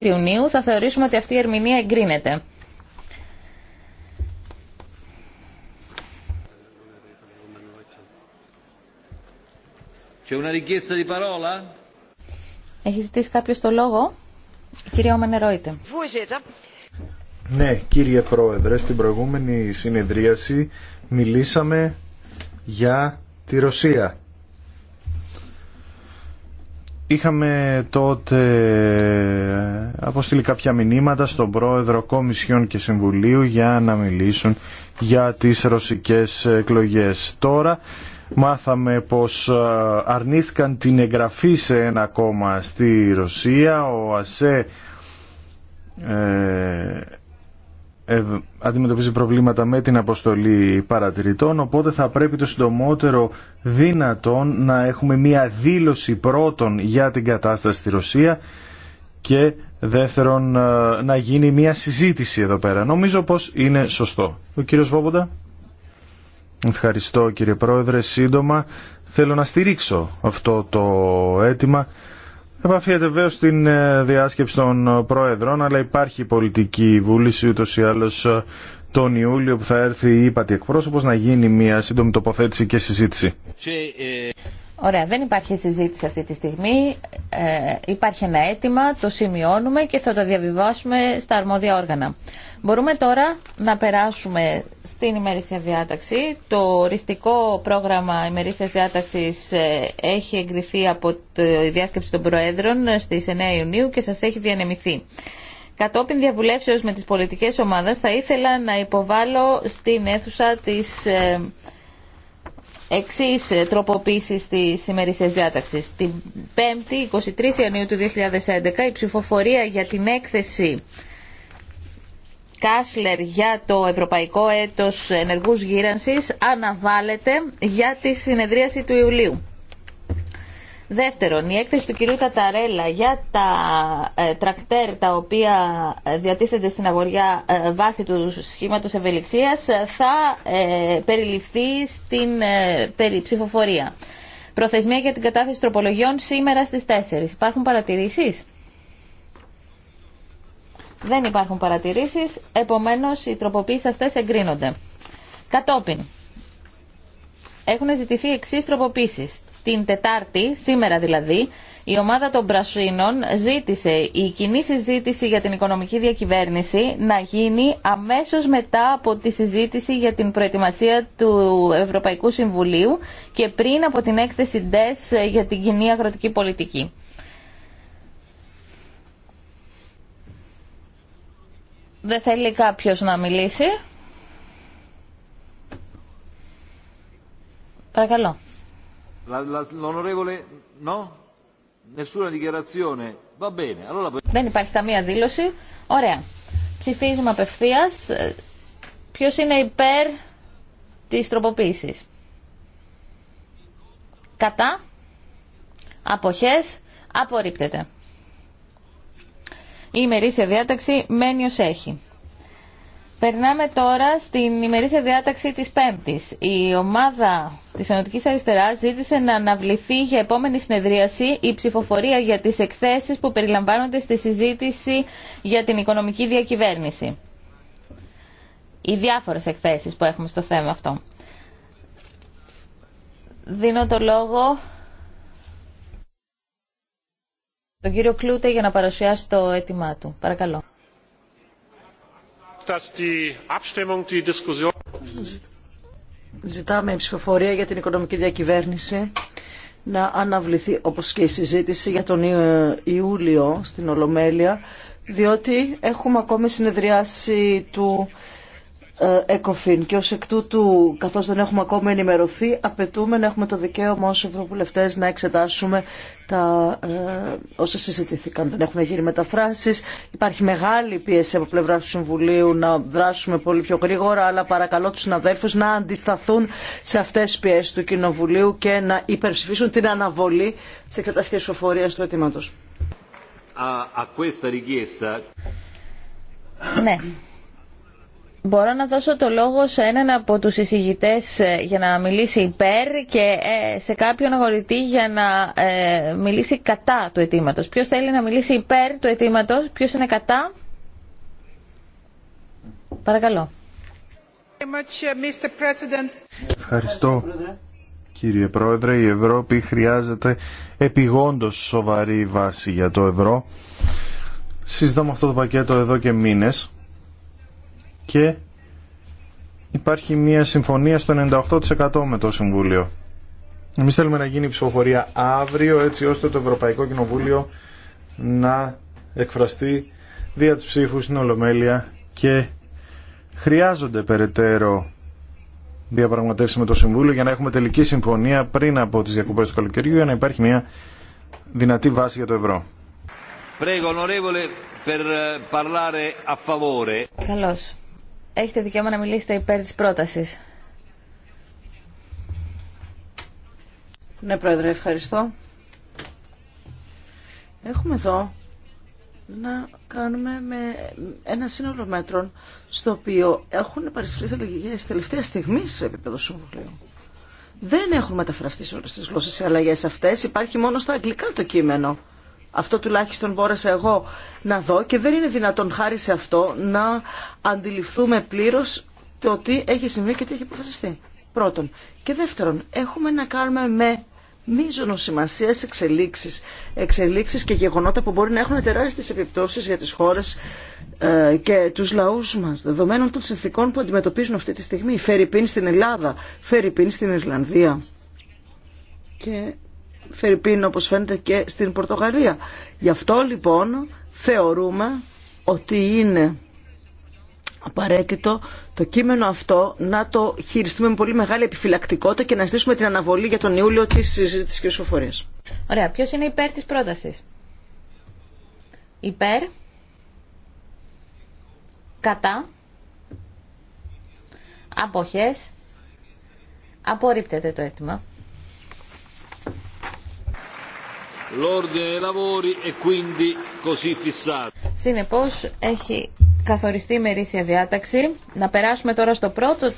Ιουνίου θα θεωρήσουμε ότι αυτή η ερμηνεία εγκρίνεται. Έχει ζητήσει κάποιο το λόγο, Κύριε Ομενερόιτε. Ναι, κύριε Πρόεδρε, στην προηγούμενη συνεδρίαση μιλήσαμε για τη Ρωσία. Είχαμε τότε ε, αποστείλει κάποια μηνύματα στον πρόεδρο Κομισιόν και Συμβουλίου για να μιλήσουν για τις ρωσικές εκλογές. Τώρα μάθαμε πως ε, αρνήθηκαν την εγγραφή σε ένα κόμμα στη Ρωσία. Ο ΑΣΕ ε, ε, αντιμετωπίζει προβλήματα με την αποστολή παρατηρητών, οπότε θα πρέπει το συντομότερο δυνατόν να έχουμε μία δήλωση πρώτον για την κατάσταση στη Ρωσία και δεύτερον ε, να γίνει μία συζήτηση εδώ πέρα. Νομίζω πως είναι σωστό. Ο κύριος Βόμποντα. Ευχαριστώ κύριε Πρόεδρε. Σύντομα θέλω να στηρίξω αυτό το αίτημα Επαφίεται βέβαια στην ε, διάσκεψη των ε, Πρόεδρων, αλλά υπάρχει πολιτική βούληση ούτω ή άλλω ε, τον Ιούλιο που θα έρθει η ΥΠΑΤΗ εκπρόσωπος να γίνει μια σύντομη τοποθέτηση και συζήτηση. Ωραία, δεν υπάρχει συζήτηση αυτή τη στιγμή. Ε, υπάρχει ένα αίτημα, το σημειώνουμε και θα το διαβιβάσουμε στα αρμόδια όργανα. Μπορούμε τώρα να περάσουμε στην ημερήσια διάταξη. Το οριστικό πρόγραμμα ημερήσιας διάταξης ε, έχει εγκριθεί από τη διάσκεψη των Προέδρων στις 9 Ιουνίου και σας έχει διανεμηθεί. Κατόπιν διαβουλεύσεως με τις πολιτικές ομάδες θα ήθελα να υποβάλω στην αίθουσα της ε, εξή τροποποίηση τη ημερήσια διάταξη. Την 5η, 23 Ιανουαρίου του 2011, η ψηφοφορία για την έκθεση Κάσλερ για το Ευρωπαϊκό Έτος Ενεργούς Γύρανσης αναβάλλεται για τη συνεδρίαση του Ιουλίου. Δεύτερον, η έκθεση του κυρίου Καταρέλα για τα ε, τρακτέρ τα οποία ε, διατίθεται στην αγοριά ε, βάσει του σχήματος ευελιξίας ε, θα περιληφθεί στην ψηφοφορία. Προθεσμία για την κατάθεση τροπολογιών σήμερα στις 4. Υπάρχουν παρατηρήσεις? Δεν υπάρχουν παρατηρήσεις, επομένως οι τροποποίησεις αυτές εγκρίνονται. Κατόπιν, έχουν ζητηθεί εξή τροποποίησεις την Τετάρτη, σήμερα δηλαδή, η ομάδα των Πρασίνων ζήτησε η κοινή συζήτηση για την οικονομική διακυβέρνηση να γίνει αμέσως μετά από τη συζήτηση για την προετοιμασία του Ευρωπαϊκού Συμβουλίου και πριν από την έκθεση ΝΤΕΣ για την κοινή αγροτική πολιτική. Δεν θέλει κάποιος να μιλήσει. Παρακαλώ. Δεν υπάρχει καμία δήλωση. Ωραία. Ψηφίζουμε απευθεία. Ποιο είναι υπέρ τη τροποποίηση. Κατά. Αποχέ. Απορρίπτεται. Η ημερήσια διάταξη μένει ως έχει. Περνάμε τώρα στην ημερήσια διάταξη της Πέμπτης. Η ομάδα της ενωτικη Αριστεράς ζήτησε να αναβληθεί για επόμενη συνεδρίαση η ψηφοφορία για τις εκθέσεις που περιλαμβάνονται στη συζήτηση για την οικονομική διακυβέρνηση. Οι διάφορες εκθέσεις που έχουμε στο θέμα αυτό. Δίνω το λόγο τον κύριο Κλούτε για να παρουσιάσει το αίτημά του. Παρακαλώ. Abstimmung, die Diskussion... Ζητάμε η ψηφοφορία για την οικονομική διακυβέρνηση να αναβληθεί όπως και η συζήτηση για τον Ιούλιο στην Ολομέλεια διότι έχουμε ακόμη συνεδριάσει του ΕΚΟΦΗΝ και ως εκ τούτου καθώς δεν έχουμε ακόμα ενημερωθεί απαιτούμε να έχουμε το δικαίωμα ως ευρωβουλευτές να εξετάσουμε τα, ε, όσα συζητηθήκαν. Δεν έχουν γίνει μεταφράσεις. Υπάρχει μεγάλη πίεση από πλευρά του Συμβουλίου να δράσουμε πολύ πιο γρήγορα αλλά παρακαλώ τους συναδέλφους να αντισταθούν σε αυτές τις πιέσεις του Κοινοβουλίου και να υπερψηφίσουν την αναβολή της εξετάσεις και του αιτήματος. Ναι. Μπορώ να δώσω το λόγο σε έναν από τους εισηγητές ε, για να μιλήσει υπέρ και ε, σε κάποιον αγορητή για να ε, μιλήσει κατά του αιτήματο. Ποιος θέλει να μιλήσει υπέρ του αιτήματο, ποιος είναι κατά. Παρακαλώ. Ευχαριστώ. Κύριε Πρόεδρε, η Ευρώπη χρειάζεται επιγόντως σοβαρή βάση για το ευρώ. Συζητάμε αυτό το πακέτο εδώ και μήνες και υπάρχει μια συμφωνία στο 98% με το Συμβούλιο. Εμείς θέλουμε να γίνει ψηφοφορία αύριο έτσι ώστε το Ευρωπαϊκό Κοινοβούλιο να εκφραστεί δια της ψήφου στην Ολομέλεια και χρειάζονται περαιτέρω διαπραγματεύσει με το Συμβούλιο για να έχουμε τελική συμφωνία πριν από τις διακοπές του καλοκαιριού για να υπάρχει μια δυνατή βάση για το ευρώ. Eh, Καλώς. Έχετε δικαίωμα να μιλήσετε υπέρ της πρότασης. Ναι, Πρόεδρε, ευχαριστώ. Έχουμε εδώ να κάνουμε με ένα σύνολο μέτρων στο οποίο έχουν παρισφρήσει λογικές τελευταία στιγμή σε επίπεδο Συμβουλίου. Δεν έχουν μεταφραστεί σε τις γλώσσες οι αλλαγές αυτές, υπάρχει μόνο στα αγγλικά το κείμενο. Αυτό τουλάχιστον μπόρεσα εγώ να δω και δεν είναι δυνατόν χάρη σε αυτό να αντιληφθούμε πλήρως το τι έχει συμβεί και τι έχει αποφασιστεί. Πρώτον. Και δεύτερον, έχουμε να κάνουμε με μείζονο σημασία εξελίξει. Εξελίξει και γεγονότα που μπορεί να έχουν τεράστιε επιπτώσει για τι χώρε ε, και του λαού μα, δεδομένων των συνθήκων που αντιμετωπίζουν αυτή τη στιγμή. Φερρυπίν στην Ελλάδα, φέρει Φερρυπίν στην Ιρλανδία. Και Φερρυπίν όπως φαίνεται και στην Πορτογαλία. Γι' αυτό λοιπόν θεωρούμε ότι είναι απαραίτητο το κείμενο αυτό να το χειριστούμε με πολύ μεγάλη επιφυλακτικότητα και να στήσουμε την αναβολή για τον Ιούλιο της συζήτησης και ψηφοφορίας. Ωραία. Ποιος είναι υπέρ της πρότασης? Υπέρ. Κατά. Αποχές. Απορρίπτεται το αίτημα. Συνεπώς έχει καθοριστεί η διάταξη. Να περάσουμε τώρα στο πρώτο